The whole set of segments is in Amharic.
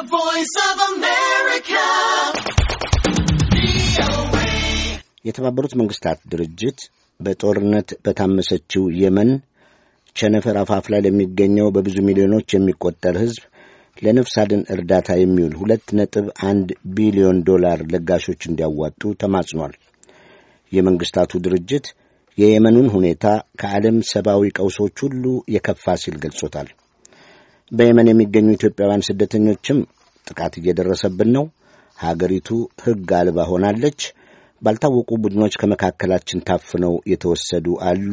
Voice of America. የተባበሩት መንግስታት ድርጅት በጦርነት በታመሰችው የመን ቸነፈር አፋፍ ላይ ለሚገኘው በብዙ ሚሊዮኖች የሚቆጠር ሕዝብ ለነፍስ አድን እርዳታ የሚውል ሁለት ነጥብ አንድ ቢሊዮን ዶላር ለጋሾች እንዲያዋጡ ተማጽኗል። የመንግስታቱ ድርጅት የየመኑን ሁኔታ ከዓለም ሰብአዊ ቀውሶች ሁሉ የከፋ ሲል ገልጾታል። በየመን የሚገኙ ኢትዮጵያውያን ስደተኞችም ጥቃት እየደረሰብን ነው፣ ሀገሪቱ ሕግ አልባ ሆናለች፣ ባልታወቁ ቡድኖች ከመካከላችን ታፍነው የተወሰዱ አሉ፣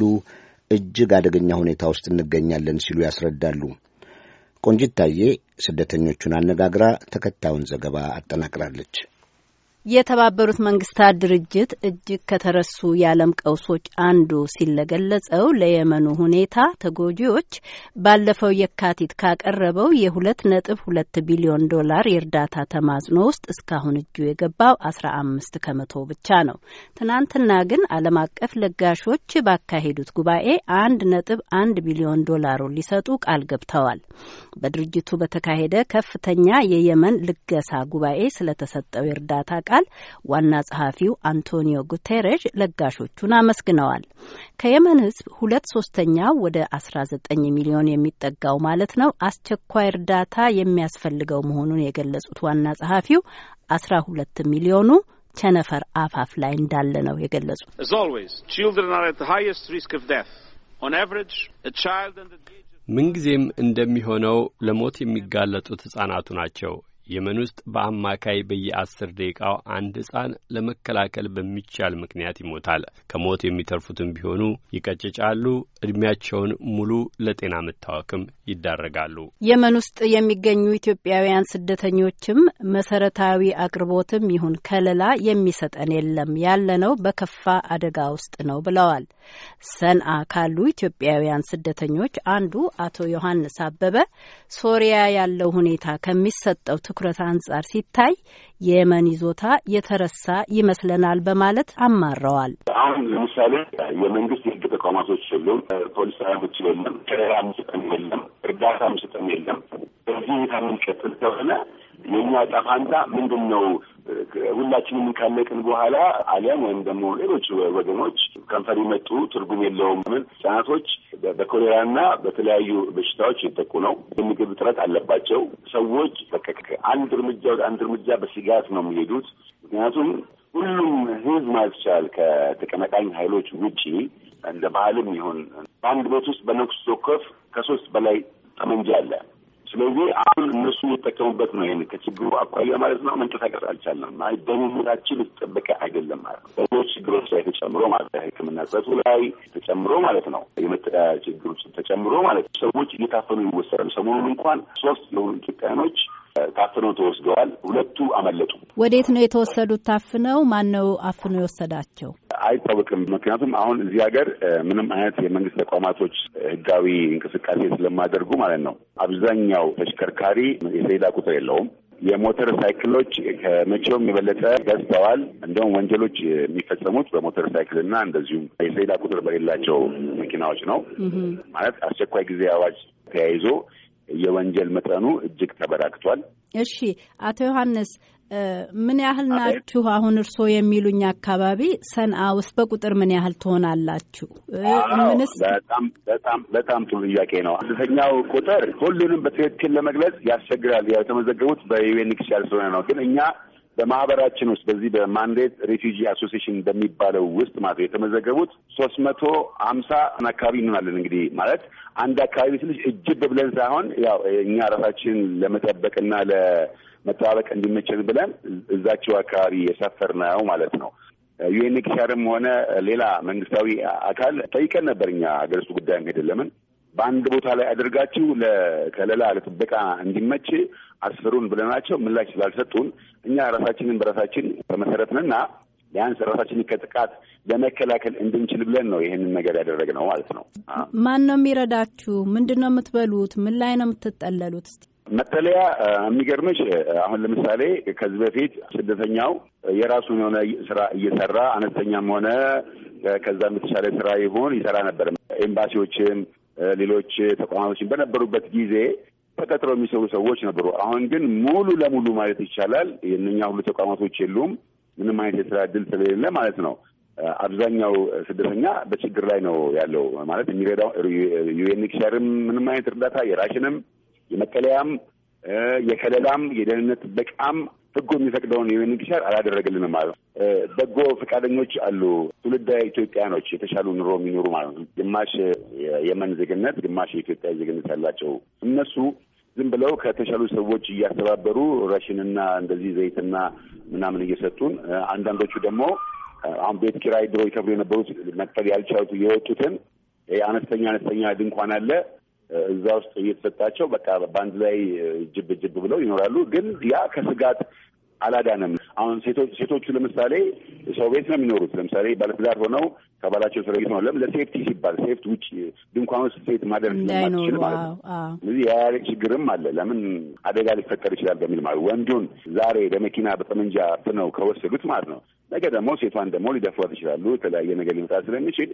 እጅግ አደገኛ ሁኔታ ውስጥ እንገኛለን ሲሉ ያስረዳሉ። ቆንጂት ታዬ ስደተኞቹን አነጋግራ ተከታዩን ዘገባ አጠናቅራለች። የተባበሩት መንግስታት ድርጅት እጅግ ከተረሱ የዓለም ቀውሶች አንዱ ሲል ለገለጸው ለየመኑ ሁኔታ ተጎጂዎች ባለፈው የካቲት ካቀረበው የሁለት ነጥብ ሁለት ቢሊዮን ዶላር የእርዳታ ተማጽኖ ውስጥ እስካሁን እጁ የገባው አስራ አምስት ከመቶ ብቻ ነው። ትናንትና ግን ዓለም አቀፍ ለጋሾች ባካሄዱት ጉባኤ አንድ ነጥብ አንድ ቢሊዮን ዶላሩን ሊሰጡ ቃል ገብተዋል። በድርጅቱ በተካሄደ ከፍተኛ የየመን ልገሳ ጉባኤ ስለተሰጠው የእርዳታ ቃል ቃል ዋና ጸሐፊው አንቶኒዮ ጉቴሬሽ ለጋሾቹን አመስግነዋል። ከየመን ህዝብ ሁለት ሶስተኛው ወደ 19 ሚሊዮን የሚጠጋው ማለት ነው አስቸኳይ እርዳታ የሚያስፈልገው መሆኑን የገለጹት ዋና ጸሐፊው ሁለት ሚሊዮኑ ቸነፈር አፋፍ ላይ እንዳለ ነው የገለጹት። ምንጊዜም እንደሚሆነው ለሞት የሚጋለጡት ሕጻናቱ ናቸው። የመን ውስጥ በአማካይ በየአስር ደቂቃው አንድ ሕፃን ለመከላከል በሚቻል ምክንያት ይሞታል። ከሞት የሚተርፉትም ቢሆኑ ይቀጭጫሉ፣ ዕድሜያቸውን ሙሉ ለጤና መታወክም ይዳረጋሉ። የመን ውስጥ የሚገኙ ኢትዮጵያውያን ስደተኞችም መሰረታዊ አቅርቦትም ይሁን ከለላ የሚሰጠን የለም፣ ያለነው በከፋ አደጋ ውስጥ ነው ብለዋል። ሰንአ ካሉ ኢትዮጵያውያን ስደተኞች አንዱ አቶ ዮሐንስ አበበ ሶሪያ ያለው ሁኔታ ከሚሰጠው ትኩረት አንጻር ሲታይ የየመን ይዞታ የተረሳ ይመስለናል በማለት አማረዋል። አሁን ለምሳሌ የመንግስት የህግ ተቋማቶች የሉም፣ ፖሊስ ኃይሎች የለም፣ ከለላ ምስጠም የለም፣ እርዳታ ምስጠም የለም። በዚህ ሁኔታ የምንቀጥል ከሆነ የእኛ ጠፋንታ ምንድን ነው? ሁላችንም ካለቅን በኋላ አሊያም ወይም ደግሞ ሌሎች ወገኖች ከንፈር የመጡ ትርጉም የለውም ምን ህጻናቶች በኮሌራና በተለያዩ በሽታዎች የጠቁ ነው። የምግብ እጥረት አለባቸው። ሰዎች በቃ አንድ እርምጃ ወደ አንድ እርምጃ በስጋት ነው የሚሄዱት። ምክንያቱም ሁሉም ህዝብ ማለት ይቻላል ከተቀናቃኝ ኃይሎች ውጪ እንደ ባህልም ይሁን በአንድ ቤት ውስጥ በነፍስ ወከፍ ከሶስት በላይ ጠመንጃ አለ። ስለዚህ አሁን እነሱ የሚጠቀሙበት ነው። ይህን ከችግሩ አኳያ ማለት ነው መንቀሳቀስ አልቻለም። አይ ደህንነታችን የተጠበቀ አይደለም ማለት ነው። በሌሎች ችግሮች ላይ ተጨምሮ ማለት ሕክምና እጥረቱ ላይ ተጨምሮ ማለት ነው። የመጠለያ ችግሮች ተጨምሮ ማለት ሰዎች እየታፈኑ ይወሰዳሉ። ሰሞኑን እንኳን ሶስት የሆኑ ኢትዮጵያኖች ታፍነው ተወስደዋል። ሁለቱ አመለጡ። ወዴት ነው የተወሰዱት? ታፍነው ማን ነው አፍኖ የወሰዳቸው? አይታወቅም። ምክንያቱም አሁን እዚህ ሀገር ምንም አይነት የመንግስት ተቋማቶች ህጋዊ እንቅስቃሴ ስለማያደርጉ ማለት ነው። አብዛኛው ተሽከርካሪ የሰሌዳ ቁጥር የለውም። የሞተር ሳይክሎች ከመቼውም የበለጠ ገዝተዋል። እንደውም ወንጀሎች የሚፈጸሙት በሞተር ሳይክል እና እንደዚሁም የሰሌዳ ቁጥር በሌላቸው መኪናዎች ነው። ማለት አስቸኳይ ጊዜ አዋጅ ተያይዞ የወንጀል መጠኑ እጅግ ተበራክቷል። እሺ አቶ ዮሐንስ ምን ያህል ናችሁ? አሁን እርስዎ የሚሉኝ አካባቢ ሰንአ ውስጥ በቁጥር ምን ያህል ትሆናላችሁ? ምንስ በጣም በጣም በጣም ጥሩ ጥያቄ ነው። አነስተኛው ቁጥር ሁሉንም በትክክል ለመግለጽ ያስቸግራል። የተመዘገቡት በዩኤንኤችሲአር ስለሆነ ነው። ግን እኛ በማህበራችን ውስጥ በዚህ በማንዴት ሬፊጂ አሶሲሽን በሚባለው ውስጥ ማለት የተመዘገቡት ሶስት መቶ ሀምሳ አካባቢ እንሆናለን። እንግዲህ ማለት አንድ አካባቢ ትንሽ እጅብ ብለን ሳይሆን ያው እኛ ራሳችን ለመጠበቅና ለመጠባበቅ እንዲመቸን ብለን እዛቸው አካባቢ ነው ማለት ነው። ዩኤንኤችሲአርም ሆነ ሌላ መንግስታዊ አካል ጠይቀን ነበር። እኛ ሀገር ውስጥ ጉዳይ ሄደ ለምን በአንድ ቦታ ላይ አድርጋችሁ ለከለላ ለጥበቃ እንዲመች አስፍሩን ብለናቸው ምላሽ ስላልሰጡን እኛ ራሳችንን በራሳችን ተመሰረትንና ቢያንስ ራሳችንን ከጥቃት ለመከላከል እንድንችል ብለን ነው ይህንን ነገር ያደረግነው ማለት ነው። ማን ነው የሚረዳችሁ? ምንድን ነው የምትበሉት? ምን ላይ ነው የምትጠለሉት? መጠለያ የሚገርምሽ አሁን ለምሳሌ ከዚህ በፊት ስደተኛው የራሱን የሆነ ስራ እየሰራ አነስተኛም ሆነ ከዛም የተሻለ ስራ ይሁን ይሰራ ነበር። ኤምባሲዎችም ሌሎች ተቋማቶችን በነበሩበት ጊዜ ተቀጥረው የሚሰሩ ሰዎች ነበሩ። አሁን ግን ሙሉ ለሙሉ ማለት ይቻላል የእነኛ ሁሉ ተቋማቶች የሉም። ምንም አይነት የስራ እድል ስለሌለ ማለት ነው። አብዛኛው ስደተኛ በችግር ላይ ነው ያለው ማለት የሚረዳው ዩኤንኤችሲአርም ምንም አይነት እርዳታ የራሽንም፣ የመቀለያም፣ የከለላም፣ የደህንነት ጥበቃም ህጉ የሚፈቅደውን የወይን ግሻር አላደረግልንም ማለት ነው። በጎ ፈቃደኞች አሉ፣ ትውልደ ኢትዮጵያኖች የተሻሉ ኑሮ የሚኖሩ ማለት ነው። ግማሽ የመን ዜግነት፣ ግማሽ የኢትዮጵያ ዜግነት ያላቸው እነሱ ዝም ብለው ከተሻሉ ሰዎች እያስተባበሩ ረሽንና እንደዚህ ዘይትና ምናምን እየሰጡን አንዳንዶቹ ደግሞ አሁን ቤት ኪራይ ድሮ ይከፍሉ የነበሩት መክፈል ያልቻሉት የወጡትን አነስተኛ አነስተኛ ድንኳን አለ እዛ ውስጥ እየተሰጣቸው በቃ በአንድ ላይ ጅብ ጅብ ብለው ይኖራሉ። ግን ያ ከስጋት አላዳነም። አሁን ሴቶቹ ለምሳሌ ሰው ቤት ነው የሚኖሩት። ለምሳሌ ባለትዳር ሆነው ከባላቸው ተለይተው ነው ለሴፍቲ ሲባል ሴፍት ውጭ ድንኳን ውስጥ ሴት ማደር ማለት ነው። ስለዚህ ችግርም አለ። ለምን አደጋ ሊፈጠር ይችላል በሚል ማለት ወንዱን ዛሬ በመኪና በጠመንጃ ፍነው ከወሰዱት ማለት ነው ነገ ደግሞ ሴቷን ደግሞ ሊደፍሯት ይችላሉ። የተለያየ ነገር ሊመጣ ስለሚችል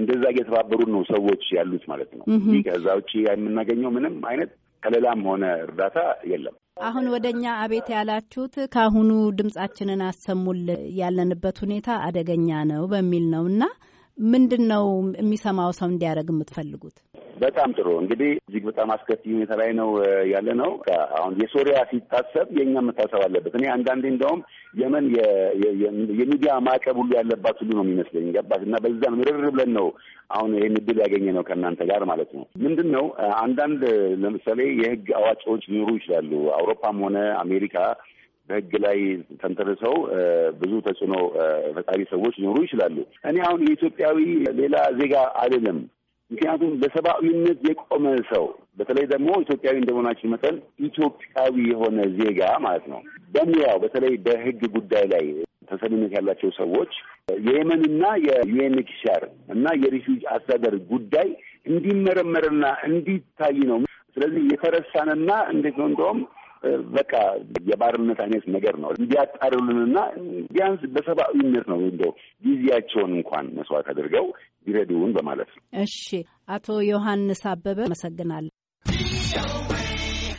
እንደዛ እየተባበሩን ነው ሰዎች ያሉት ማለት ነው። ከዛ ውጭ የምናገኘው ምንም አይነት ከሌላም ሆነ እርዳታ የለም። አሁን ወደ እኛ አቤት ያላችሁት ከአሁኑ ድምጻችንን አሰሙል ያለንበት ሁኔታ አደገኛ ነው በሚል ነው እና ምንድን ነው የሚሰማው ሰው እንዲያደርግ የምትፈልጉት? በጣም ጥሩ እንግዲህ እጅግ በጣም አስከፊ ሁኔታ ላይ ነው ያለ ነው። አሁን የሶሪያ ሲታሰብ የእኛ መታሰብ አለበት። እኔ አንዳንዴ እንደውም የመን የሚዲያ ማዕቀብ ሁሉ ያለባት ሁሉ ነው የሚመስለኝ ገባት እና ነው ምርር ብለን ነው አሁን ይህን እድል ያገኘ ነው ከእናንተ ጋር ማለት ነው። ምንድን ነው አንዳንድ ለምሳሌ የህግ አዋቂዎች ሊኖሩ ይችላሉ። አውሮፓም ሆነ አሜሪካ በህግ ላይ ተንተርሰው ብዙ ተጽዕኖ ፈጣሪ ሰዎች ሊኖሩ ይችላሉ። እኔ አሁን የኢትዮጵያዊ ሌላ ዜጋ አይደለም። ምክንያቱም ለሰብአዊነት የቆመ ሰው በተለይ ደግሞ ኢትዮጵያዊ እንደመሆናችን መጠን ኢትዮጵያዊ የሆነ ዜጋ ማለት ነው በሙያው በተለይ በህግ ጉዳይ ላይ ተሰሚነት ያላቸው ሰዎች የየመንና የዩኤንኤችሲአር እና የሪፊውጅ አስተዳደር ጉዳይ እንዲመረመርና እንዲታይ ነው። ስለዚህ የተረሳንና እንዴት ነው እንደውም በቃ የባርነት አይነት ነገር ነው እንዲያጣሩልንና ቢያንስ በሰብአዊነት ነው እንደው ጊዜያቸውን እንኳን መስዋዕት አድርገው ቢረዱውን በማለት ነው። እሺ፣ አቶ ዮሐንስ አበበ አመሰግናለሁ።